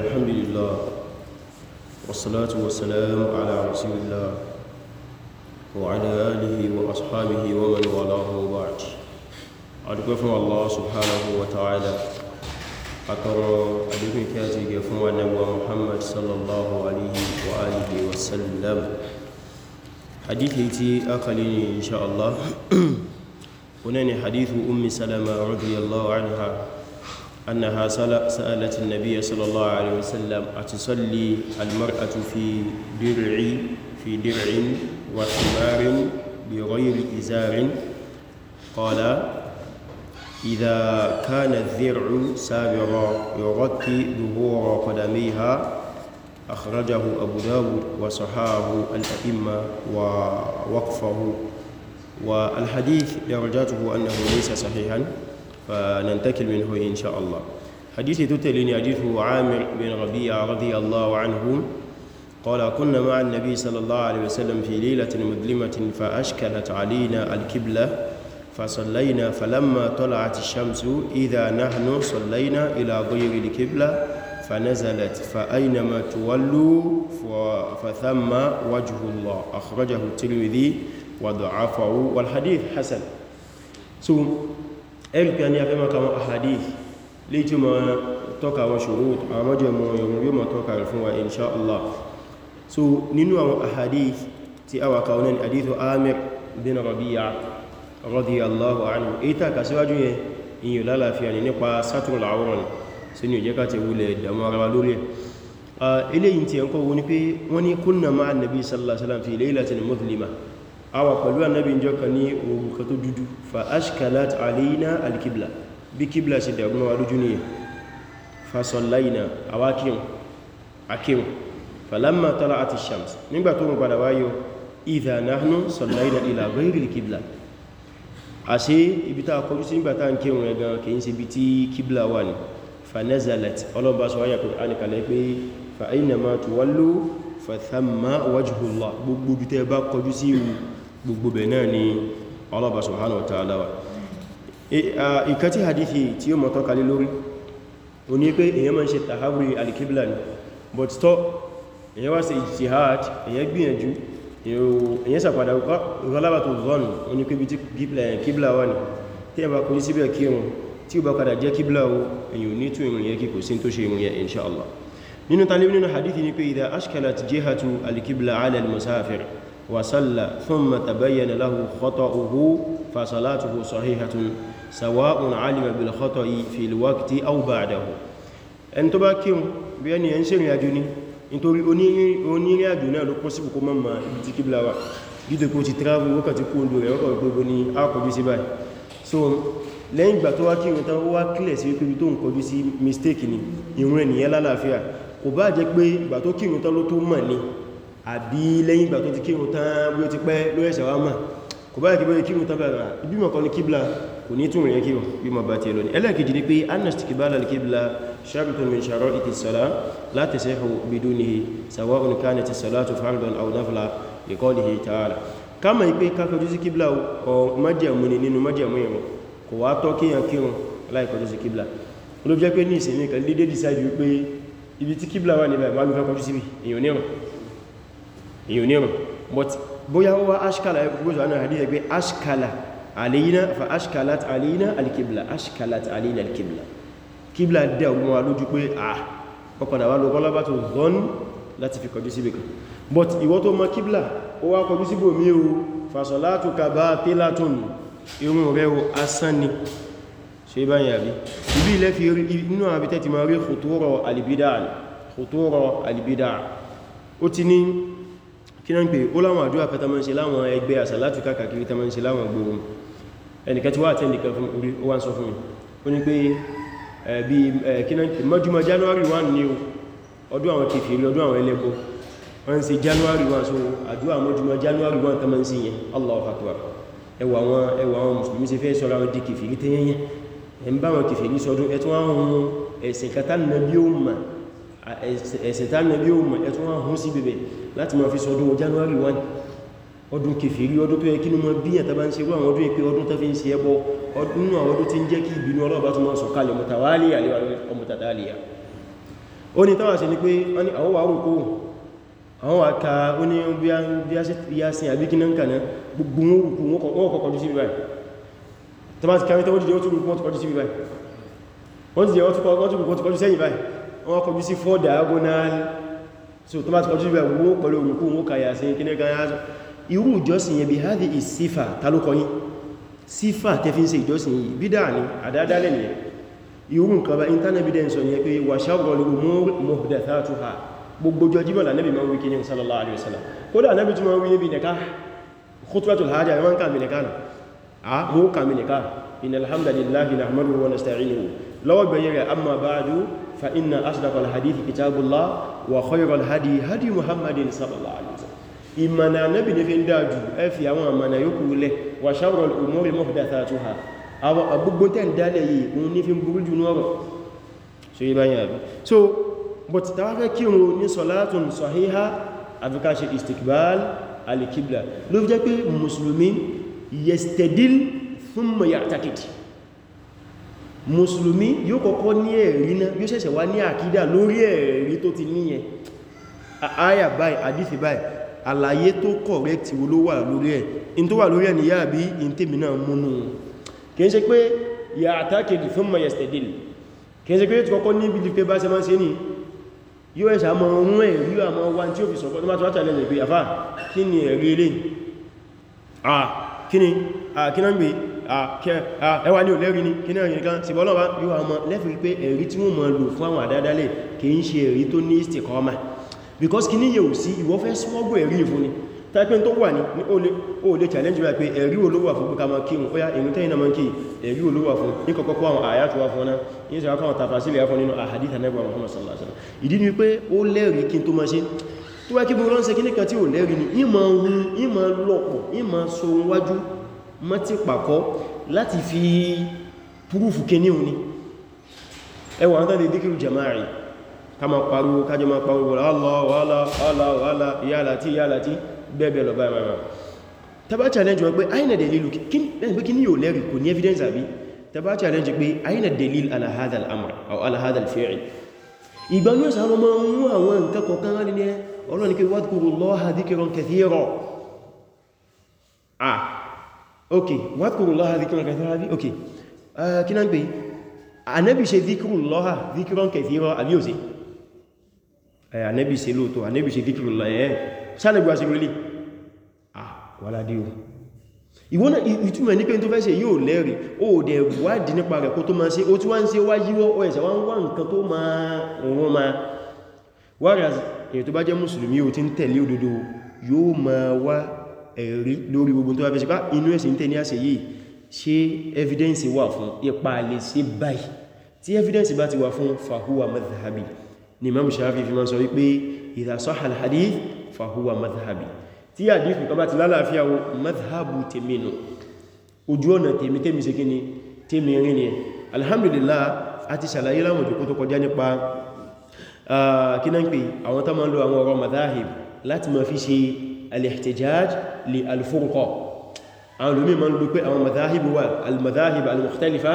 الحمد لله والصلاة والسلام على رسول الله وعلى آله وأصحابه ومن والاه وبعد أدقفوا الله سبحانه وتعالى أكرر أدقوا كاتي قفوا نبوى محمد صلى الله عليه وآله وسلم حديثي تي أقلني إن شاء الله هنا حديث أم سلمة رضي الله عنها أنها سألت النبي صلى الله عليه وسلم أتصلي المرأة في درع في درع وحمار بغير إزار قال إذا كان الذرع سابرا يغطي ظهور قدميها أخرجه أبو داود وصحاه الأئمة ووقفه والحديث درجاته أنه ليس صحيحا فننتقل منه إن شاء الله حديث تتلين حديث عامر بن ربيع رضي الله عنه قال كنا مع النبي صلى الله عليه وسلم في ليلة مظلمة فأشكلت علينا الكبلة فصلينا فلما طلعت الشمس إذا نحن صلينا إلى غير الكبلة فنزلت فأينما تولوا فثم وجه الله أخرجه الترمذي وضعفه والحديث حسن so ẹ̀rìkà ní afẹ́ maka wọn àhàdì lè jí ma tọ́ka wọn ṣòro àwọn mọ́jẹ̀ mọ́ yọmọ̀ yóò ma tọ́ka rẹ̀ fún wa insha Allah so nínú àwọn àhàdì tí a wà kàwọn ní àdíthù Amir bin Rabi'a radiyallahu anhu èyíta kà síwájú yẹn iyùn lálàáfíà ní nípa sátúrùl àwòrán sínú ìjẹ́ká ti wulẹ̀ ah, ní kunna àwa pẹ̀lú annabi jọ kan ní ogun kan tó dúdú fa ashkalat alayna alkibla bí kibla ṣe dàgbọ́n wa lójú nìyẹn fa sallaina awakim akim falamma tala'at ash-shams nígbà tó ń padà wáyọ idha nahnu sallaina ila ghayri alkibla a ṣe ibi tá kọjú sí nígbà tá ń kírun rẹ̀ gan kìí ṣe ibi tí kibla wà ní fa nazalat ọlọ́ba sọ wáyà kùn ánìkàlẹ̀ pé fa aynama tuwallu fa thamma wajhullah gbogbo ibi tẹ́ bá kọjú sí ìwò gbogbo bẹ̀ náà ni Allah subhanahu wa ta'ala wà e, ìkan tí hadithi tí ó mọ̀tọ́ kalé lórí o ní pé èyàn máa ń ṣe tàháwì alìkíblà ni but tọ́ èyàn wá ṣe ijtihad èyàn gbìyànjú èyàn sàpadà rọ́lábà tó zọ́nù o ní pé bí tí kíblà wà ní tí ẹba kò ní síbẹ̀ kírun tí ó bá padà jẹ́ kíblà o èyàn ní tún ìrìn yẹ kí kò وصلى ثم تبين له خطأه فصلاته صحيحة سواء علم بالخطأ في الوقت أو بعده ẹn tó bá kírun bí ẹni ẹn ṣe ìrìnàjò ní nítorí onírìnàjò náà ló kún sí kò mọ́ ma ibi tí kíbla wà dídé kó ti travel wọ́kà tí kó ń lò rẹ̀ wọ́kà gbogbo ní àkọjú sí báyìí so lẹ́yìn ìgbà tó wá kírun tán ó wá kílẹ̀ sí wípé tó ń kọjú sí mistake ni ìrún ènìyàn lálàáfíà kò bá jẹ́ pé ìgbà tó kírun tán ló tó mọ̀ ni àbí lẹ́yìn ìgbà tó ti kírun tán bí ó ti pẹ́ ló ẹ̀ṣẹ̀ wá mà kò báyìí kìbọ́ kírun tán bẹ̀rẹ̀ ibi mọ̀ kan ní kíblà kò ní túnrìn yẹn kírun bí mọ̀ bá ti lọ ní ẹlẹ́kejì ni pé anastikibala kíblà shartun min sharaiti salah la tasihhu bidunihi sawa'un kanat as-salatu fardan aw nafla li qawlihi ta'ala kama ipe ká kọjú sí kíblà ọ májẹ̀mú ni nínú májẹ̀mú yẹn kò wá tọ́ kíyàn kírun láì kọjú sí kíblà ní ìsinmi èyí onírùn but bóyá ó wá ashkala ẹgbẹ́gbẹ́sọ àwọn hadith ẹgbẹ́ ashkala alina fa ashkalat alina alkibla ashkalat alina alkibla kibla dẹ ọgbọ́n wa lójú pé ah ọpàdà wà lọ́gbọ́n zọ́n láti fi kọjú síbì but ìwọ tó mọ kibla ó wá kọjú síbò mí o fasolatu ka bá pilatun irun rẹ̀ o asán ni ṣe bá yà bí ibi ilẹ̀ fi inú àbítẹ́ ti máa kí náà ń pè ó láwọn àdúrà kẹta mọ́ sí láwọn ẹgbẹ́ àsàlátù káàkiri tẹ́ mọ́ sí láwọn gbogbo ẹnìkan tí wà tẹ́ nìkan fún orí ó wá ń sọ fún mi ó ní pé bí kí náà pè mọ́júmọ́ January 1 ní ọdún àwọn kèfèrí ọdún àwọn ẹlẹ́bọ wọ́n ń ṣe January 1 so àdúrà mọ́júmọ́ January 1 tẹ́ mọ́ sí yẹn Allahu Akbar ẹwà àwọn ẹwà àwọn mùsùlùmí ṣe fẹ́ sọ́ra wọn di kèfèrí tẹ́ yẹn ẹ̀ ń bá wọn kèfèrí sọdún ẹ̀ tún àwọn ẹ̀sìn kátà nàbí ó mà ẹ̀sìn tá nàbí ó mà ẹ̀ láti ma fi sọdún january 1 ọdún kèfèrí ọdún tó yẹ kí ní mọ́ bí ẹ̀ta bá ń ṣe wọ́n ọdún ìpé ọdún tó fi ń ṣe ẹbọ ọdún náà ọdún tí ń jẹ́ kí ìbínú ọlọ́ọ̀bá tó mọ́ sọ̀kalẹ̀ mọ̀tàwálìyà ọmọtàdálìyà ó ní tọ́wà sí ni pé àwọn wà rúkó àwọn àka ó ní bí a sin àbíkínà ń kàná gbogbo wọn rúkú wọn kọ̀kọ̀ sí bíbáyì tọ́bátí kàrí tọ́wọ́ dìde ó tún rúkú ọdún sí bíbáyì wọ́n dìde ó tún rúkú ọdún sẹ́yìn báyìí wọ́n kọjú sí four diagonal so tó bá ti kọjú ìwẹ̀ wó pẹ̀lú òmùkú wó kàyà sí kíní kan yá irú ìjọsìn yẹn bí hádi ìsífà tálókọ yí sífà tẹfí ń ṣe ìjọsìn yìí bídà ní àdádálẹ̀ ní irú nǹkan bá internet evidence yẹ pé wà ṣàrọ̀lù muhdathatuha gbogbo jọjímọ̀ là nẹ́bì máa wí kíní sallallahu alaihi wasallam kódà nẹ́bì tún máa wí níbi nìka khutbatul hajj wọ́n kà mí فإن أصدق الحديث كتاب الله وخير الهدي هدي محمد صلى الله عليه وسلم إمنا نبي نفين داجو أفيا ومنا يقول وشور الأمور محدثاتها أو أبوبتين دالي ونفين برجو نور so yi bayan abi so but ta wá fẹ́ kí o ní salatun sahiha afika ṣe istikbal al-qibla ló fi jẹ́ mùsùlùmí yóò kọ́kọ́ ní ẹ̀rí náà yóò ṣẹ̀ṣẹ̀ wá ní àkídà lórí ẹ̀rí tó ti níyẹn àyà báyìí àdífì báyìí àlàyé tó correct wo ló wà lórí ẹ̀ in tó wà lórí ẹ̀ níyà bí in tèmi náà múnú kìí ṣe pé yà àtàkìdì fún mọ̀ yẹ̀stẹ̀dìl kìí ṣe pé yóò ti kọ́kọ́ ní bí pé bá ṣe máa ṣe ní yóò ẹ̀ṣà mọ̀ ohun ẹ̀rí àmọ́ wa tí ó fi sọ̀kọ́ tó má tó wá challenge pé àfà kí ni ẹ̀rí eléyìí ah kí ni ah kí náà gbé Ah, ah, ẹwà ní olẹ́rin ní kí náà nìkan sí bọ́lọ́wà yóò àmọ́ lẹ́fìrí pé ẹ̀rí tí wọ́n mọ̀ lò fún àwọn àdádálẹ̀ kì í ṣe ẹ̀rí tó ní istikọ́mà because kí ní yẹ ò sí ìwọ fẹ́ smọ́gbọ̀ ẹ̀rí ìfúnni tàbí tó wà ní o lè challenge rẹ̀ pé ẹ̀rí olówà fún pẹ́ka máa kíhùn óyá ìlú tẹ́yìn náà kí ẹ̀rí olówà fún ní kọ̀kọ́kọ́ àwọn àyàtọ̀wà fún náà ní ìṣẹ́kọ́ tàfàsílẹ̀ fún nínú àhàdíta nẹ́gbà Muhammad sallallahu alaihi wasallam ìdí ni pé ó lẹ́rìí kí n tó máa ṣe tó wá kí bí wọ́n ń ṣe kíníkan tí ò lẹ́rìí ni ìmọ̀ ohun ìmọ̀ lọ́pọ̀ ìmọ̀ so wájú mọ́ ti pàkọ́ láti fi púrúfù kí ní òní ẹwà ń tàbí díkìrù jama'i ká ma pariwo kájọ ma pariwo Allah Allah Allah Allah yálàtí yálàtí bẹ́ẹ̀bẹ̀ lọ báyìí mara tàbá challenge wọn pé àìnà delilu kí ní yóò lẹ́rì kò ní evidence àbí tàbá challenge pé àìnà delil ala hadha al-amr aw ala hadha al-fi'l ìgbà ní ọ̀sán ọmọ mú àwọn nǹkan kọ̀ọ̀kan rán ok wadhkurullaha dhikran kathira bi ok uh, kí náà ń pè ànábì ṣe dhikrullaha dhikran kathira àbí òsè eh, ànábì ṣe lóòtọ́ ànábì ṣe dhikrullaha ẹ̀ sánàbí wa ṣe rí lè ah wàládé o ìwọ́n ìtumọ̀ ní pé tó fẹ́ ṣe yóò lẹ́rìí ó dẹ̀ wádìí nípa rẹ̀ kó tó máa ṣe ó tí wọ́n ń ṣe wáyíwọ́ ó ẹ̀ṣẹ̀ wọ́n wá nǹkan tó máa rún ma whereas èyí tó bá jẹ́ mùsùlùmí ó ti ń tẹ̀lé òdodo yóò máa wá ẹ̀rí lórí gbogbo tó wá fẹ́ ṣe pá inú ẹ̀sìn tẹ́ ní àṣẹ yìí ṣe evidence wà fún ipa lè ṣe báyìí tí evidence bá ti wà fún fahuwa madhhabi ni Imam Shafi fi ma sọ wípé idha sahha al-hadith fahuwa madhhabi tí hadith kan bá ti lálàáfíà wo madhhabu tèmi ojú ọ̀nà tèmi alhamdulillah a ti ṣàlàyé láwọn òjò tó kọjá nípa ah, kí náà ń pè àwọn tó máa ń lo àwọn ọ̀rọ̀ madhahib láti máa fi ṣe al-ihtijaj li al-furqa àwọn olómi ma ń lò pé àwọn madhahibu wa al-madhahib al-mukhtalifa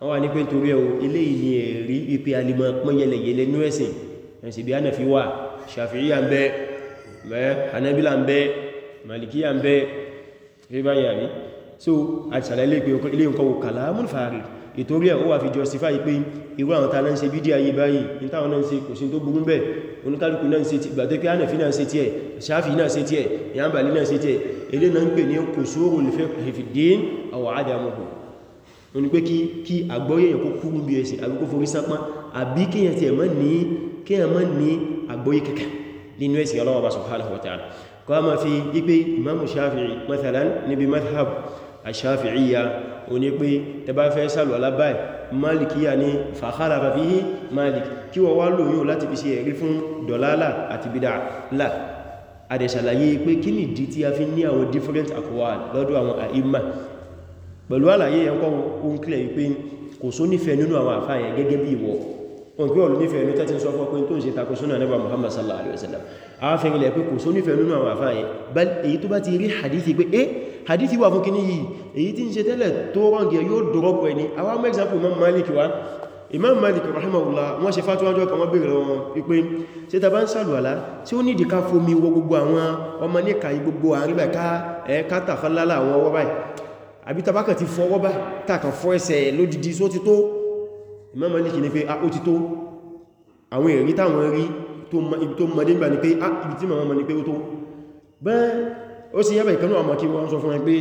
wọ́n wà ní pé torí ẹ̀wọ̀ eléyìí ni ẹ̀rí wípé alimọ̀ pọ́n yẹlẹ̀yẹlẹ ní ẹ̀sìn ẹ̀sìn bí Hanafi wà Shafi'iyya ń bẹ Hanabila ń bẹ Malikiyya ń bẹ rí báyìí àrí so àti sàlẹ̀ ilé ìpé ilé nǹkan wò kàlámùn fàárí ìtorí ẹ̀ ó wà fi justify pé irú àwọn tàà náà ń ṣe bídí ayé báyìí ní táwọn náà ń ṣe kò sí tó burú bẹ́ẹ̀ oníkálùkù náà ń ṣe gbà tó pé Hanafi náà ṣe tiẹ̀ Shafi náà ṣe tiẹ̀ ìyàmbàlì náà ṣe tiẹ̀ ilé náà ń pè ní qusurul fiqh fi din aw adamuhu oní pé kí kí àgbọ́yé èèyàn kó kúrú bí kọ́ ó ní pé tẹbá fẹ́ sàlù alábáì malikiya ní fàkàrà bá fi hí malik kí wọ́n wá lò yóò láti fi ṣe ẹ̀rí fún dọ̀lálà àti bídà àdẹ̀ṣàlàyé pé kí ni ìdí tí a fi ní àwọn different akwal lọ́dọ̀ àwọn àìmà pẹ̀lú àlàyé yẹn kọ́ ohun kílẹ̀ wípé kò só nífẹ̀ẹ́ nínú àwọn àfáàyẹ gẹ́gẹ́ bí ìwọ̀ wọn pé ọ̀lú nífẹ̀ẹ́ ní tẹ́tí sọ fọ́ pé tó ń ṣe takò súnà nípa Muhammad sallallahu alaihi wasallam àwọn afẹ́rin hadithi wà fún kíní yìí èyí tí ń ṣe tẹ́lẹ̀ tó rọ́ǹgẹ̀ yóò dọ́rọ̀pù ẹni àwọn mọ́ example imam malik wa imam malik rahimahullah wọ́n ṣe fatuwájọ́ kan wọ́n bèèrè wọn wípé ṣe ta bá ń sàlù àlá tí ó ní ìdíká fomi wọ gbogbo àwọn ọmọ ní kàí gbogbo àárín bẹ̀ ká ẹ̀ẹ́ká tàfàlálà àwọn ọwọ́ báyìí àbí tabákà ti fọwọ́ bá tàkà fọ ẹsẹ̀ lódìdí só ti tó imam malik ni pé a ah, ó ti tó àwọn èrí táwọn rí tó mọdé gbà ni pé a ah, ibi tí màmá mọ ni pé ó tó ben ó sì yẹ́bẹ̀ ìkanú àmọ́ kí wọ́n sọ fún ẹgbẹ́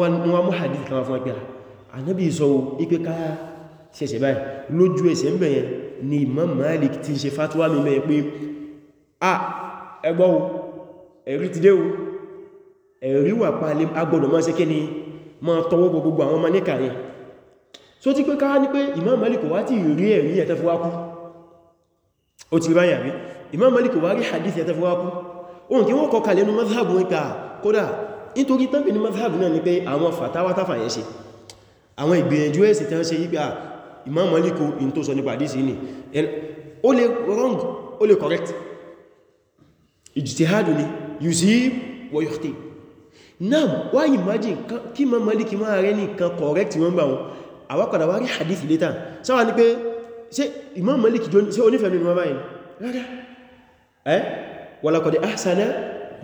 wọ́n mú hadith kan fún ẹgbẹ́ ànábì sọ ipé ká ṣẹ̀ṣẹ̀ báyìí lójú ẹsẹ̀ ń bẹ̀yẹn ni Imam Malik ti ṣe fatuwa mi mẹ́ pé a ẹgbọ́ o ẹ̀rí ti dé o ẹ̀rí wà palẹ̀ agbọ́dọ̀ mọ́ sí kíni mọ́ tọwọ́ gbogbo àwọn ọmọ níkà yẹn so ti pé ká ní pé Imam Malik wá ti rí ẹ̀rí ẹ̀tẹ́fúwákú ó ti rí báyìí àbí Imam Malik wá rí hadith ẹ̀tẹ́fúwákú ohun kí wọ́n kọ kalẹ̀ ní mazhabu nípa ah, kódà nítorí tánbì ní mazhabu náà ni pé àwọn fàtàwátàfà yẹn ṣe àwọn ìgbìyànjú ẹ̀sì tán ṣe yípa ah, Imam Malik in tó sọ nípa àdísì ní o lè wrong ó lè correct ijtihadu ni yusib wa yukhti náà wá imagine kí Imam Malik máa rẹ nìkan correct wọ́n bá wọn àwápadà wá rí hadith later sáwà ní pé ṣe Imam Malik jọ ní ṣe onífẹ̀ẹ́ nínú wọn báyìí rárá walaqad ahsana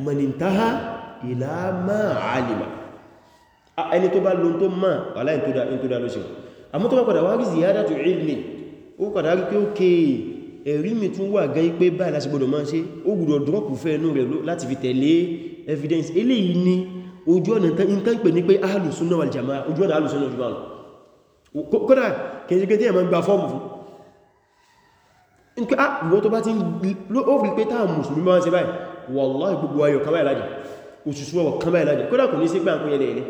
man intaha ila ma alima ẹni tó bá lóun tó mọ̀ aláìn tó dá lóṣìn àmọ́ tó bá padà wá rí ziyadatu ilmi ó padà rí pé ó kéè ẹ̀rí mi tún wà gan pé báyìí láti gbọdọ̀ máa ṣe ó gbọdọ̀ drọ́pù fẹ́ inú rẹ̀ láti fi tẹ̀lé evidence eléyìí ni ojú ọ̀nà tán pè ní pé ahlus sunnah wal jamaa ojú ọ̀nà ahlus sunnah wal jamaa kódà kìí gba fọ́ọ̀mù fún in pé ah ìwọ́n tó bá ti ó fi pé táà mùsùlùmí máa ń ṣe báyìí wallahi gbogbo ayọ̀ kan báyìí lájà òṣìṣú ọwọ̀ kan báyìí lájà kódà kò ní sí gbàǹkú yẹlẹ̀ rẹ̀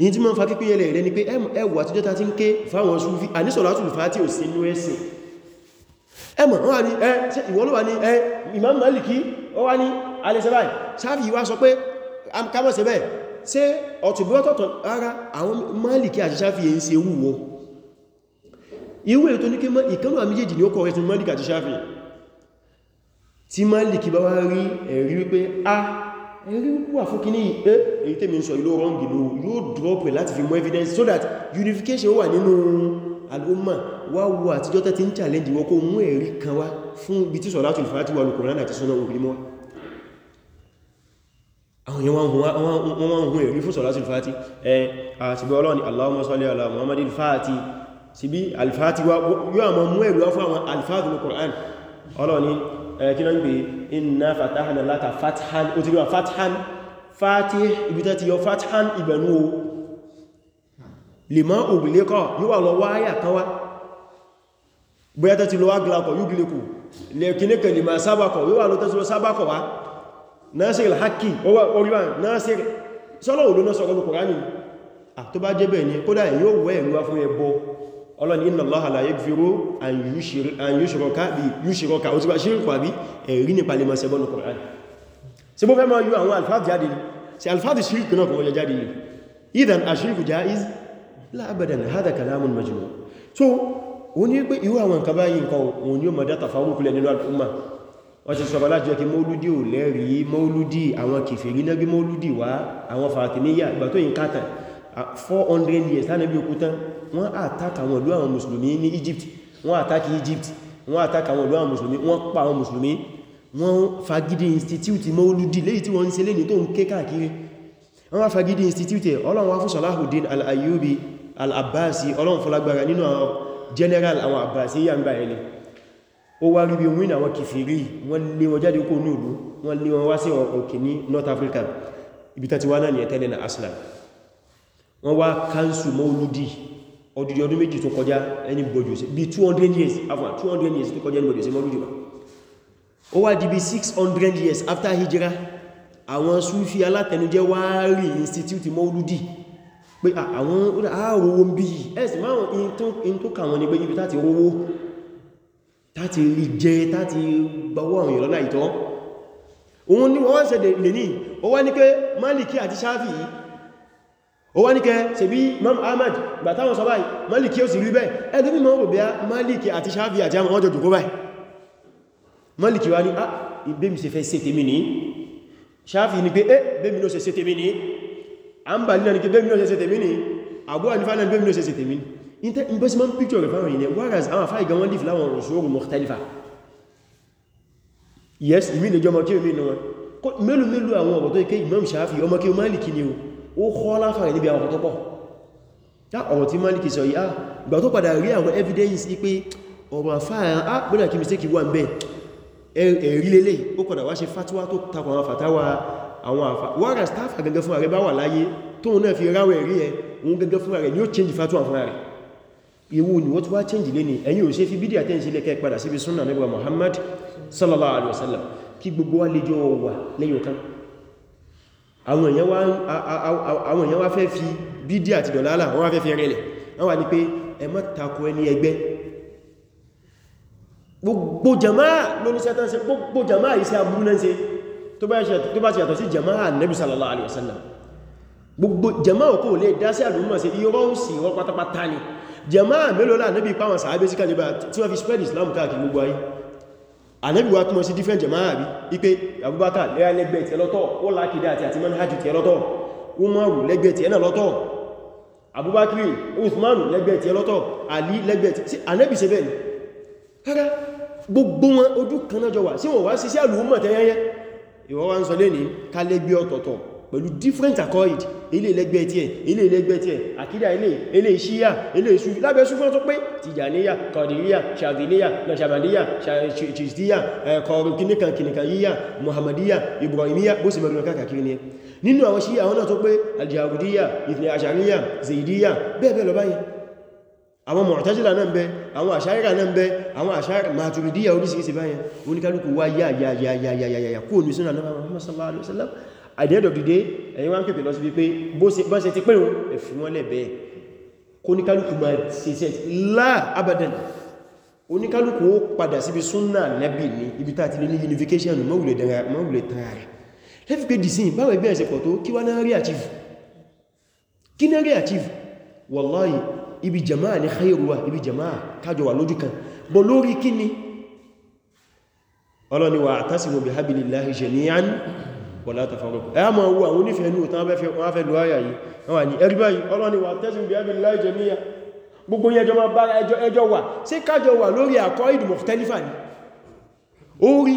èyí tí máa ń fa kíkún yẹlẹ̀ rẹ̀ ni pé ẹwà àtijọ́ ta ti ń ké fáwọn Sufi àníṣọ̀látùl fàátì ò sí inú ẹ̀sìn ẹmọ̀ wọ́n ni ẹ ìwọ́n ló wà ní ẹ Imam Maliki ó wà ní alẹ́sẹ̀báì Ṣáfì wá sọ pé kámọ́sẹ̀bẹ̀ ṣe ọ̀tùbọ́tọ̀tọ̀ ara àwọn Maliki àti Ṣáfì yẹn ń ṣe wúwo irú ètò ní kí mọ́ ìkánú àmìjèjì ni ó kọ̀rẹ́ tún Málíkì àti Ṣáfì tí Málíkì bá wá rí ẹ̀rí wípé a ah, ẹ̀rí wà fún kíní ẹ́ eh, èyí tẹ́mi ń sọ ìlú ọ̀rọ̀ǹgì ló yóò drop rẹ̀ láti fi mọ́ evidence so that unification wà nínú al'umma wa wo àtijọ́ tẹ́ ti ń challenge wọ́n kó mú ẹ̀rí kan wá fún ibi tí sọ̀lá tún fàájú wà lùkùnrin àti sọ́nà òbí mọ́ àwọn yẹn wọ́n hun ẹ̀rí fún sọ̀lá tún ẹ̀ eh, àtìgbọ́ ọlọ́ni Allahumma salli ala Muhammadin síbí alfáàtí wá yóò àmọ́ mú ẹ̀rù wá fún àwọn alfáàtí ní Qur'an ọlọ́ni kí náà ń gbé inna fatahna laka fathan o ti rí wa fathan fatih ibita ti yọ fathan ìbẹ̀nú o lima ògbìlékọ̀ yóò wà lọ wáyà kan wá bóyá tẹ́ ti lọ aglákọ̀ yóò gílékù lẹ́kíníkẹ̀ lima sábàkọ̀ yóò wà lọ tẹ́ ti lọ sábàkọ̀ wá nasir alhaki oríwá nasir sọ́lọ̀ ọlọ́ni inna Allaha la yaghfiru an yushraka bí yushraka o ti bá ṣírí pàbí ẹ̀rí nípa lè máa ṣẹbọ́ ní Qur'an ṣe bó fẹ́ máa yú àwọn alfáàdì jáde ní ṣe alfáàdì ṣírí kì náà kò wọ́n jáde ní idan ashirku jaiz la abadan hadha kalamun majnun so wọ́n ní pé irú àwọn nǹkan báyìí nǹkan wọ́n ní ó mọ̀ dáta fáwọn kulẹ̀ nínú al'umma wọ́n ti 400 years tánàbí okútán wọ́n attack àwọn ìlú àwọn mùsùlùmí ní Egypt wọ́n attack Egypt wọ́n attack àwọn ìlú àwọn mùsùlùmí wọ́n pa àwọn mùsùlùmí wọ́n fagidi institute Mauludi léyìí tí wọ́n ń ṣe lẹ́ni tó ń ké káàkiri wọ́n fagidi institute ọlọ́run wá fún Salahuddin al-Ayyubi al-Abbasi ọlọ́run fọlágbára nínú àwọn general àwọn Abbasi yàǹgbà ẹni ó wá rí bí wọ́n ní àwọn kìfìrí wọ́n lé wọn jáde kó ní ìlú wọ́n lé wọn North Africa ibi tàti wá náà ní ẹ̀tẹ́lẹ̀ na aslan wọ́n wá káńsù Mauludi ọdún ọdún méjì tó kọjá ẹni bọ̀jù sí bí 200 years after 200 years tó kọjá ẹni bọ̀jù sí mọ́lúdì wa ó wá di bí 600 years after hijira àwọn súfí alátẹnujẹ́ wá rí institute mọ́lúdì pé àwọn àrówó bí ẹ̀sì máwọn in tó kà wọn ni pé ibi táti rówó táti rí jẹ táti gbawọ́ àwọn ìrọ́lá ìtọ́ òun ni wọ́n sẹ̀dẹ̀ lè ní ó wá ní pé Málìkì àti Ṣáfì yìí ó wá ní kẹ ṣe bí Imam Ahmad gbàtàwọn sọ báyìí Maliki ó sì rí bẹ́ ẹni bí mọ́ òbí Maliki àti Shafi àti àwọn ọjọ́ jùkú báyìí Maliki wá ní ah ibébì se fẹ́ ṣe tèmi ní Shafi ní pé eh bébì ló ṣe ṣe tèmi ní àmbàlì náà ní pé ní Abu Hanifa náà bébì ló ṣe ṣe tèmi ní investment picture rẹ̀ fáwọn ìyẹn whereas àwọn yes ìmìnìjọ́ ọmọ kí omi inú wọn mélòó mélòó àwọn ọ̀pọ̀ tó ikẹ́ Imam Shafi ọmọ kí o ó kọ́ láfà rẹ̀ níbi àwọn tó pọ̀ yá ọ̀rọ̀ tí Malik sọ yìí ah ìgbà tó padà rí àwọn evidence ní pé ọ̀rọ̀ àfáàrán ah bóyá kí mistake wà ń bẹ̀ ẹ̀rí lélẹ̀ ó padà wá ṣe fatuwa tó takọ̀ àwọn fatawa àwọn àfà wọ́rẹ̀ staff gẹ́gẹ́ fún ààrẹ bá wà láyé tóun náà fi ráwẹ̀ rí ẹ òun gẹ́gẹ́ fún ààrẹ ni ó change fatuwa fún ààrẹ ìwò ni wọ́n ti wá change lé ní ẹ̀yìn ò ṣe fi bídí àtẹ́ ìṣẹ́lẹ̀ kẹ́ padà síbi sunnah nígbà Muhammad sallallahu alaihi wasallam kí gbogbo wa lè jọ wà lẹ́yìn kan àwọn èèyàn wá fẹ́ fi bídí àti dọ̀lálà wọ́n wá fẹ́ fi rẹ̀lẹ̀ wọ́n wá ní pé ẹ má tako ẹni ẹgbẹ́ gbogbo jama'a lóní sẹ́tán sí gbogbo jama'a iṣẹ́ aburú náà ṣe tó bá ṣe yàtọ̀ sí jama'a nẹ́bí sallallahu alaihi wasallam gbogbo jama'a kò lè dá sí àdúmọ̀ sí irọ́ òsì wọ́n pátápátá ni jama'a mélòó lá nẹ́bí pàwọn sàábé sí kàlíbà tí wọ́n fi spread Islam káàkiri gbogbo ayé ànẹ́bíwá túnmọ̀ sí different jama'a bí ipé Abubakar lẹ́yà lẹ́gbẹ̀ẹ́ ti ẹlọ́tọ̀ ó lákìdá àti àti manhajj ti ẹlọ́tọ̀ Umaru lẹ́gbẹ̀ẹ́ ti ẹnà lọ́tọ̀ Abubakar Uthman lẹ́gbẹ̀ẹ́ ti ẹlọ́tọ̀ Ali lẹ́gbẹ̀ẹ́ ti ànẹ́bí ṣe bẹ́ẹ̀ rárá gbogbo wọn ojú kan náà jọ wà sí wọn wá sí sí àlùmọ̀ tẹ́yẹyẹ ìwọ́wá ń sọ lé ní kálẹ́gbẹ́ ọ̀tọ̀ọ̀tọ̀ pẹ̀lú different accord ilé ilẹ́gbẹ́ tí ẹ̀ ilé ilẹ́gbẹ́ tí ẹ̀ àkídà ilé ilé ìṣíyà ilé ìṣú lábẹ́ ṣúfẹ́ tó pé tìjàníyà kọ̀dìríyà ṣàdìníyà nàṣàbàdíyà ṣìṣdíyà kọrùn kìníkan kìníkan yíyà mohamadíyà ibrahimiyya bó sì mẹ́rin káàkiri ni nínú àwọn ṣíyà àwọn náà tó pé aljahudiyya ìfìnà àṣàríyà zaidiyya bẹ́ẹ̀ bẹ́ẹ̀ lọ báyìí àwọn mọ̀tẹ́jìlá náà bẹ àwọn àṣáyíra náà bẹ àwọn àṣáyíra maturidiyya orísìírísìí báyìí oníkálùkù wá yáyáyáyáyáyá kúrò ní sínú àwọn Muhammad sallallahu alaihi wasallam at the end of the day ẹ̀yin wá ń pèpè lọ sí wípé bó ṣe ti pé wọn ẹ̀fì wọn lẹ̀ bẹ́ẹ̀ kóníkálùkù máa ṣe iṣẹ́ láà abadan oníkálùkù ó padà síbi súnnà nẹ́bì ní ibi tàà ti lè ní unification mọ́wùlẹ̀ tàà rẹ̀ lẹ́fì pé dìsín báwọn ẹgbẹ́ ẹ̀sẹ̀ pọ̀ tó kí wá náà rí achieve wallahi ibi jama'a ní khairuwa ibi jama'a kájọ wà lójú kan bọ̀ lórí kí ni ọlọ́ni wa atasimu wọ̀lá tàfàrọ̀kù ẹ ma wo àwọn onífẹ́ inú tán bẹ́ fẹ́ lọ ayà yìí wọ́n wà ní ẹrí báyìí ọlọ́ni wà tẹ́sùn bí ẹbí láì jẹmíyà gbogbo ẹjọ́ ma bára ẹjọ́ wà sí kájọ wà lórí àkọ́ ìdìmọ̀ tẹ́lifà ní orí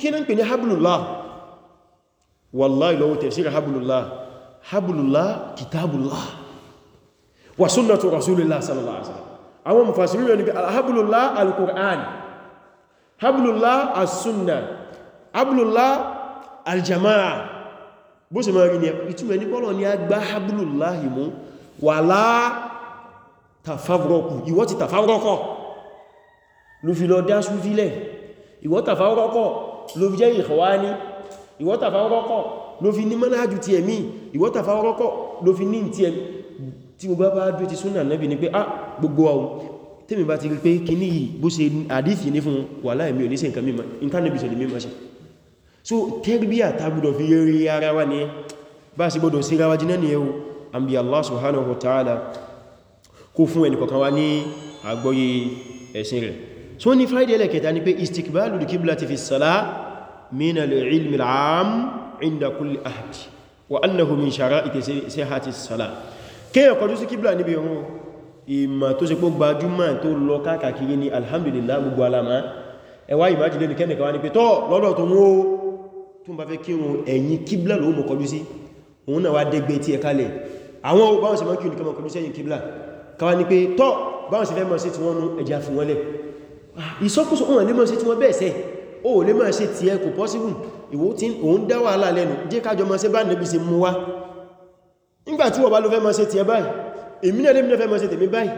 kí ní pè ní hablullah wallahi lọ́wọ́ tafsir hablullah hablullah kitabullah wa sunnatu rasulillah sallallahu alaihi wasallam àwọn mufasirun ni hablullah aljamaa bó ṣe máa rí ní ìtumẹ̀ ní pọ́lọ̀ ní agbá hablullahi mú wà láà tàfàwọ́kù ìwọ ti tàfàwọ́kọ̀ ló fi lọ dá súfílẹ̀ ìwọ tàfàwọ́kọ̀ ló fi jẹ́ ìkhwani ìwọ tàfàwọ́kọ̀ ló fi ní manhaju ti ẹ̀mí ìwọ tàfàwọ́kọ̀ ló fi ní ti ẹ̀mí ah gbogbo àwọn tèmi bá ti rí pé kíní yìí bó ṣe àdífì ní fún wà láìmí ò ní ṣe so tẹ́rbíyà tàbùdọ̀ fi rí ara wa ní bá sí gbọdọ̀ sí rawa jiná ní ẹwù an bí Allah subhanahu wa ta'ala kó fún ẹni kọ̀kan wa ní àgbọ́yé ẹ̀sìn rẹ̀ so ní friday ẹlẹ́kẹta ni pé istikbalu kibla ti fi sala min al-ilmi al-am inda kulli ahad wa annahu min ní pé tọ́ lọ́dọ̀ tó mú tó bá fẹ́ kírun ẹ̀yìn kíblà ló mọ̀ kọjú sí òun náà wá dẹ́gbẹ́ tí ẹ kalẹ̀ àwọn báwọn ṣe mọ́ kí olùkọ́ mọ̀ kọjú sí ẹ̀yìn kíblà káwà ní pé tọ́ báwọn ṣe fẹ́ mọ́ sí ti wọ́n nú ẹja fún wọ́n bẹ́ẹ̀ sẹ́ o lè mọ́ sí ti ẹ kò pọ́síbù ìwó tí òun dá wàhálà lẹ́nu jẹ́ kájọ mọ́ sí bá nẹ́bí ṣe mú wá nígbà tí wọ́n bá ló fẹ́ mọ́ sí ti ẹ báyìí èmi náà lè fẹ́ mọ́ sí tèmi báyìí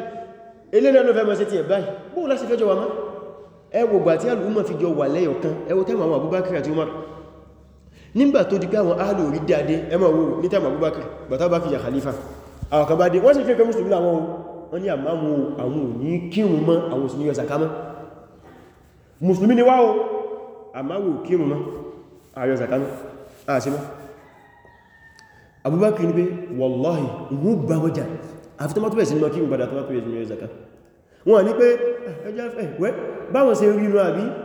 elé náà ló alùmọ̀ fi jọ wà lẹ́yọ̀kan ẹ tẹ́mọ̀ àwọn Abubakar àti Umar nígbà tó di pé àwọn ààlò orí dáadé ẹmọ owó ní tàbí Abubakar bàtà bá fi yà khalifa àwọn kan bá dé wọ́n sì fẹ́ mùsùlùmí láwọn wọ́n ní àmáwọn àwọn òní kírùn mọ́ àwọn òsìn yọ zakamọ́ mùsùlùmí ni wáwọ́ àmáwọn kírùn mọ́ àyọ wallahi wọ́n bá wọ́jà àfi tó mọ́túbẹ̀ sí mọ́ kírùn padà tó mọ́túbẹ̀ sí yọ zakamọ́ wọ́n ní pé ẹjá fẹ́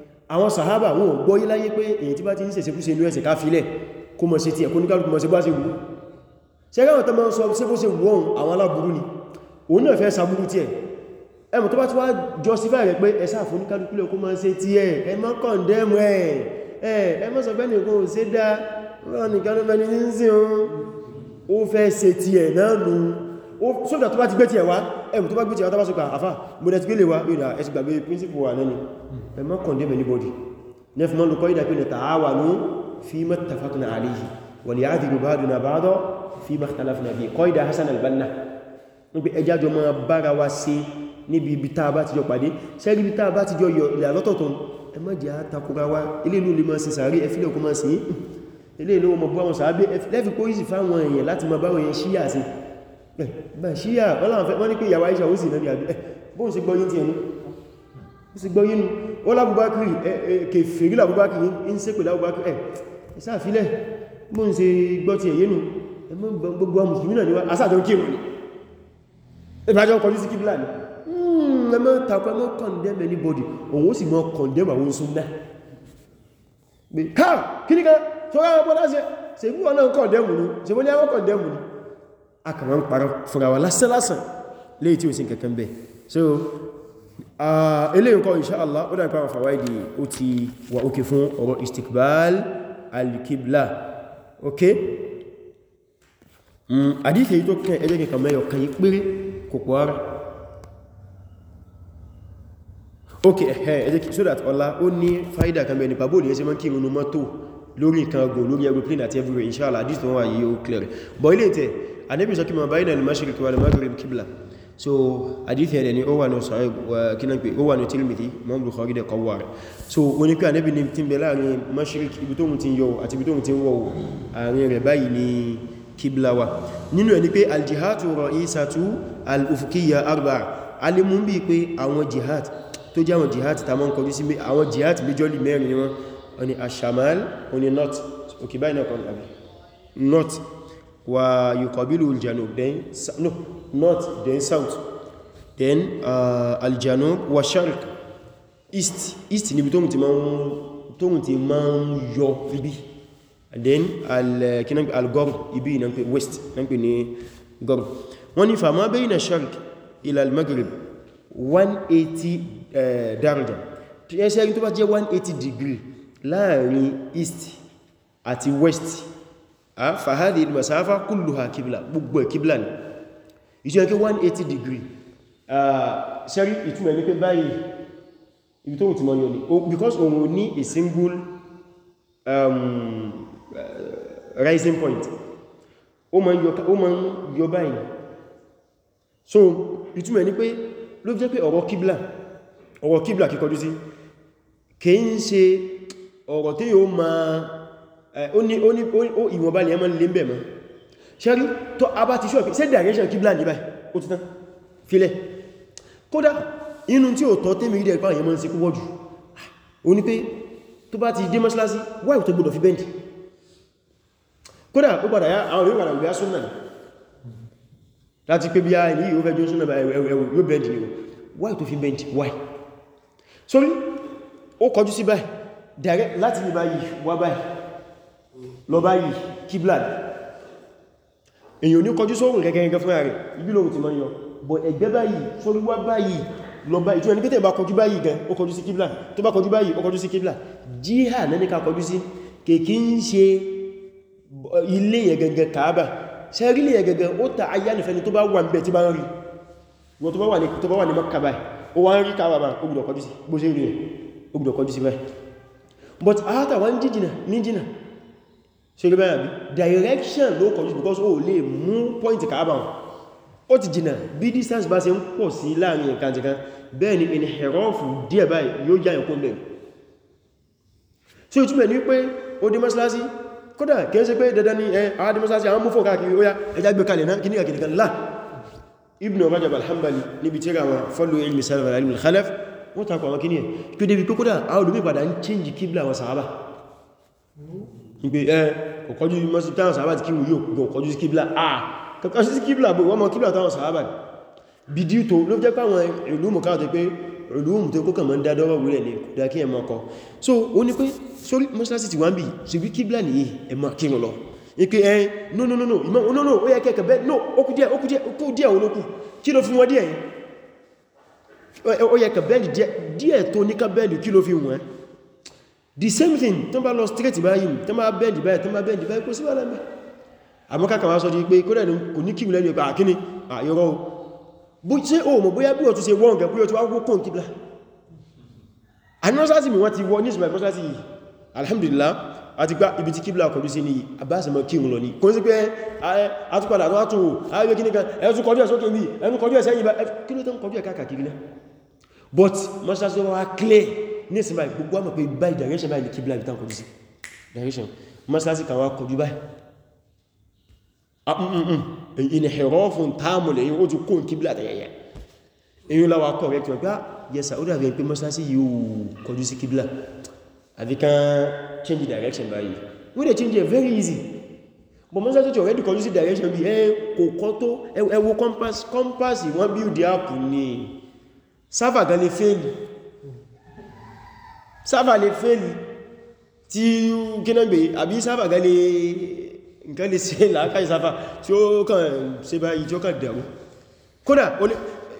àwọn sàhábà wọn ò gbọ́yé láyé pé èyí tí bá ti ń ṣe ṣekúṣe inú ẹ̀sẹ̀ káfílẹ̀ kó mọ̀ sí ti ẹ̀kọ́ níkàlùkù mọ̀ sí bá ṣe wù ṣẹ́gbẹ̀rún tó máa ń sọ ṣekúṣe wọ́n àwọn aláburú ni òun náà fẹ́ sàbúrú tí ẹ̀ ẹmù tó bá ti wá justify rẹ̀ pé ẹsà fún níkàlùkù lẹ́kọ́ mọ̀ sí ti ẹ̀ ẹ mọ́ condemn ẹ̀ ẹ mọ́ sọ bẹ́ẹ̀ kó ṣe dá wọn nìkan ló mẹ́ni ní sí ó fẹ́ ṣe ti ẹ̀ náà nù sódà tó bá ti gbé ti ẹ̀ wá ẹ̀wù tó bá gbé ti àwọn tàbásùkà àfá mọ́dẹ̀tí gbé lè wá ìdá ẹ̀sì gbàgbé príncipù wà náà ni ẹ má condemn anybody nef mọ́ lùkọ́ ìdá pé ní ta'awanu fima ittafaqna alayhi wa liya'dhibu ba'duna ba'dan fima ikhtalafna fihi kọ́ ìdá Hasan al-Banna níbi ẹjá jọ máa bára wa sí níbi ibi tá a bá ti jọ pàdé sẹ́rí ibi tá a bá ti jọ yọ ilẹ̀ àlọ́tọ̀tọ̀ ẹ fáwọn èèyàn láti máa báwọn èèyàn ṣíyà sí bàṣíyà wọ́n ní pé ìyàwó Aisha ó sì náà bí àbí bóhùn sí gbọ́yìn tí ẹnu ó sì gbọ́yìn nù ó lábúbákìrì kèfèrí lábúbákìrì ń sé pè lábúbákìrì ẹ̀ ìsáàfilẹ̀ bóhùn sí gbọ́ ti ẹ̀yẹ́ nù gbogbo mùsùlùmí náà ni wá asájọ kí wọn ni ìbájọ́ kọjú sí kíbílà ni hmm, ẹmọ́ takọ́ ẹmọ́ condemn anybody òun ó sì mọ́ condemn àwọn súnnà pé káà kí ní ká tó rárá bọ́dá sí ṣe mú ọ̀nà condemn ni ṣe mọ́ ní àwọn condemn ni akàmà ń parọ́ fúnra wa lásánlásán léè tí ó sì kẹ̀kẹ́ bẹ̀ so ilé ǹkan inṣáàlá ó dáa fàwà ìdí ó ti wà òkè fún ọ̀rọ̀ istikbal alkibla ok mm, àdíkẹ̀ yí tó kẹ́ ẹjẹ́ kẹ́kẹ́ mẹ́yọ kan yí péré kò pọ̀ ara ok ẹ̀hẹ́ ẹjẹ́ kí so that ọlá ó ní fáídà kan mẹ́rin pàbóòlì ẹsẹ mọ́ kí ìrùn mọ́tò lórí nǹkan ọgbọ̀n lórí ẹgbẹ̀rẹ̀ àti everywhere inṣáàlá àdíkẹ̀ wọ́n wà yí ó clear but ilé tẹ́ Ànábì sọ kí ma bayna al-mashriq wal-maghrib qibla so hadith yẹn ni ó wà ní sahih wa kínan pé ó wà ní Tirmidhi Imam Bukhari dẹ̀ rẹ̀ so ó ní pé Ànábì ní tí ń bẹ láàrin mashriq ibi tó mú ti yọ àti ibi tó mú ti wọ̀ àárín rẹ̀ báyìí ni qibla wa nínú ẹ̀ ni pé al-jihatu ra'isatu al-ufuqiyya arba'a alimu bí pé àwọn jihad tó jẹ́ àwọn jihad tamọ́ ń kọjú sí àwọn jihad méjọ́lì mẹ́rin wọn ó ní ashamal ó ní north òkè báyìí náà kọ́ north wa yuqabilu al-janub then no north then south then uh, al-janub wa east east níbi tó ti ma tó ti yọ ibi then al kinan al gog ibi nan pè west nan pè ní gog wọ́n ní fama bayna sharq ila al-maghrib 180 uh, daraja tí ẹ ṣe tó bá jẹ́ 180 degree láàrin east àti west fàhádìí masáfà kulluha kíblà gbogbo ẹ̀ kíblà ní ìṣẹ́ kí 180 degree ṣẹ́rí ìtumọ̀ ní pé báyìí ibi tó ti mọ́ yọ ní because òun ní a single um, uh, rising point ó ma ń yọ báyìí so ìtumọ̀ ní pé ló jẹ́ pé ọ̀rọ̀ kíblà ọ̀rọ̀ kibla, kíkọjú sí kìí ń ṣe ọ̀rọ̀ tí yóò máa Eh, ìwọ̀nba lè ẹmọ́ lè ń bẹ̀ mọ́ ṣẹ́rí tó a bá ti ṣọ́ọ̀fí ṣe direction kíblà ní báyìí ó ti tán filẹ̀ kódà inú tí ó tọ́ tẹ́mì ìdẹ̀ ìpáyẹ̀ mọ́ sí kúwọ́ jù ó ní pé tó bá ti dé mọ́ṣíláṣí wáyìí tó gbọdọ̀ fi bẹ́ndì kódà ó padà yá àwọn yóò padà wíyá súnnà láti pé bí i yóò fẹ́ jọ súnnà yóò bẹ́ndì ni wáyìí tó fi bẹ́ndì wáyìí sorry ó kọjú sí báyìí direct láti ní báyìí wá báyìí lọ báyìí kíblad èyàn ní kọjú sóòrùn kẹ́kẹ́ ẹgbẹ́ fúnra rẹ̀ ibi lóòrùn ti mọ́ yọ bọ̀ ẹgbẹ́ báyìí sóríwá báyìí lọ báyìí tí wọ́n ni pété bá kọjú báyìí gan ó kọjú sí kíblà tó bá kọjú báyìí ó kọjú sí kíblà jíhà lẹ́ni ká kọjú sí kèkí ń ṣe ilé yẹn gẹ́gẹ́ kàábà ṣe rí ilé yẹn gẹ́gẹ́ ó ta ayá nìfẹ́ni tó bá wà ń bẹ tí bá ń rí wọ́n tó bá wà ní Mákkà báyìí ó wá ń rí kàábà ó gbọ́dọ̀ kọjú sí bó rí ẹ̀ ó gbọ́dọ̀ kọjú sí báyìí but àátà wá ń jíjìnà ní jìnà ṣe rí báyàbí direction ló kọjú because ó lè mú point kàábà wọn ó ti jìnà bí distance bá ṣe ń pọ̀ sí láàrin ẹ̀kan jẹ́kan bẹ́ẹ̀ ni inherofu díẹ̀ báyìí yóò já ẹ̀kún bẹ̀rẹ̀ tí ó túnbẹ̀ ní pé ó dé mọ́sálásí kódà kìí ṣe pé dandan ni ẹ àádé mọ́sálásí àwọn múfò káàkiri ó yá ẹjá gbé kalẹ̀ náà kìí kìí kan láà Ibn Rajab al-Hanbali níbi tí ra wọn fọ́lù ilmi salaf al-ilmi al-khalaf wọ́n takọ̀ àwọn kìí kí ó débi kókódà àwọn olùmí padà ń change kíblà wọn sàábà ìgbé ẹ ọ̀kọ́jú mọ́sí táwọn sàábà ti kíwò yóò gbọ́ ọ̀kọ́jú sí kíblà àà kọ̀kọ́ sí kíblà bó wọ́n mọ́ kíblà táwọn sàábà bí dí tó ló jẹ́ pàwọn ìlúmù káàtọ̀ pé ìlúmù tó kó kàmọ́ dádọ́rọ̀ wúrẹ̀ ní dákí ẹ̀mọ́ kọ so ó ní pé sórí mọ́sílásì ti wọ́n bí ṣùgbí kíblà nìyí ẹ̀mọ́ kírun lọ ìpé ẹ no no no no ìmọ̀ no no ó yẹ kẹ́kẹ́ bẹ́ no ó kú díẹ̀ ó kú díẹ̀ ó kú díẹ̀ olókù kí ló fi wọ́n díẹ̀ ó yẹ kẹ́ bẹ́ẹ̀lì díẹ̀ tó ní ká bẹ́ẹ̀lì kí ló fi wọ́n the same thing tán bá lọ straight báyìí tán bá bend báyìí tán bá bend báyìí kò sí wàhálà mẹ́ àmọ́ káàkà wá sọ di pé kó dẹ̀dùn kò ní kíbìlẹ̀ ní ọgbà àkíní àyọrọ bó ṣe o mọ̀ bóyá bí ọ̀tún ṣe wọ́n gẹ̀ bóyá tó wá kó kíbìlá anọ́sásì mi wọ́n ti wọ́ ní ìsìnkú mọ́sásì alhamdulillah àti gbá ibi tí kíbìlá kọjú sí ni àbáṣẹmọ́ kírun lọ ní kò ní sí pé àtúpadà àtúwò but mọ́sálásí wọ́n wá clear ní ìsinmi gbogbo àmọ̀ pé by direction by the kibla ìtàn kọjú sí direction mọ́sálásí kan wá kọjú báyìí ah, mm, mm, mm. inhirafun tamul èyí ó ti kó n kibla àtẹ̀yẹyẹ èyí láwá correct wọ́n pé ah, yẹsà ó dàbí pé mọ́sálásí yóò kọjú sí kibla àfi kan change direction báyìí wọ́n dẹ̀ change it very easy but mọ́sálásí ti already kọjú sí direction bí ẹ kò kọ́ tó ẹwọ compass compass wọ́n build the app ni sáfà gan lè fèèlì sáfà lè fèèlì tí gínà gbé àbí sáfà gan lè nǹkan lè ṣe làákàí sáfà tí ó kàn ṣe báyìí tí ó kàn dẹ̀rú kódà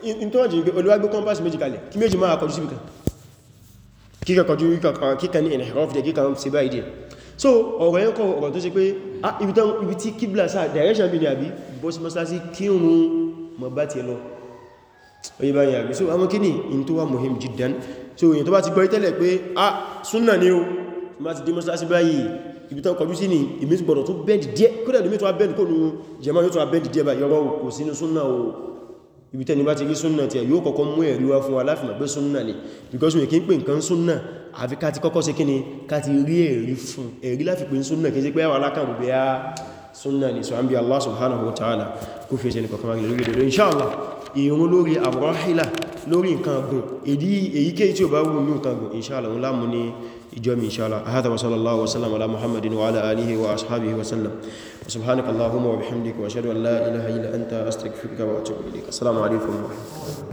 ìntọ́jì olúwágbé compass méjì kalẹ̀ kí méjì máa kọjú síbìkan kíkà kíkàn ní ìrìnrọ́fì so ọ̀rọ̀ yẹn kọ ọ̀rọ̀ tó ṣe pé ah, ibi tí kíblà sáà direction bí ní àbí oye bá yàrí so àwọn kíní in tó wà muhim jiddan so èyàn tó bá ti gbọ́ tẹ́lẹ̀ pé a ah, súnnà ni o ma ti dimọ́sílá sí báyìí ibi tán kọjú sí ni ìmìsì gbọ́dọ̀ tó bẹ́ẹ̀dì díẹ̀ kó dẹ̀lú mítọ́ abẹ́ẹ̀dì kó nú jẹma yóò tó abẹ́ẹ̀dì díẹ̀ bá yọrọ kò sínú súnnà o ibi tẹ́ni bá ti rí súnnà tí yóò kọ́kọ́ mú ẹ̀rí wá fún aláfihàn pé súnnà ni because we kí ń pè nǹkan súnnà àfi ká ti kọ́kọ́ sí kíni ká ti rí ẹ̀rí fún ẹ̀rí láfi pé súnnà kí sí pé àwọn alákàn gbogbo ya súnnà ni so an bí Allah subhanahu wa ta'ala kó fèsì ẹni kọ̀kan wá gẹ̀rẹ̀ inshallah ìrun lórí àwọ̀ráhìlá lórí nǹkan gùn èdí èyíkéyìí tí ó bá wù ní nǹkan gùn inṣáàlá lámú ní ìjọmi inṣáàlá ahátà wasallallahu wasallam ala muhammadin wa ala alihi wa ashabihi wasallam subhanakallahumma wa wa ashhadu an la ilaha illa anta astaghfiruka wa atubu wa rahmatullahi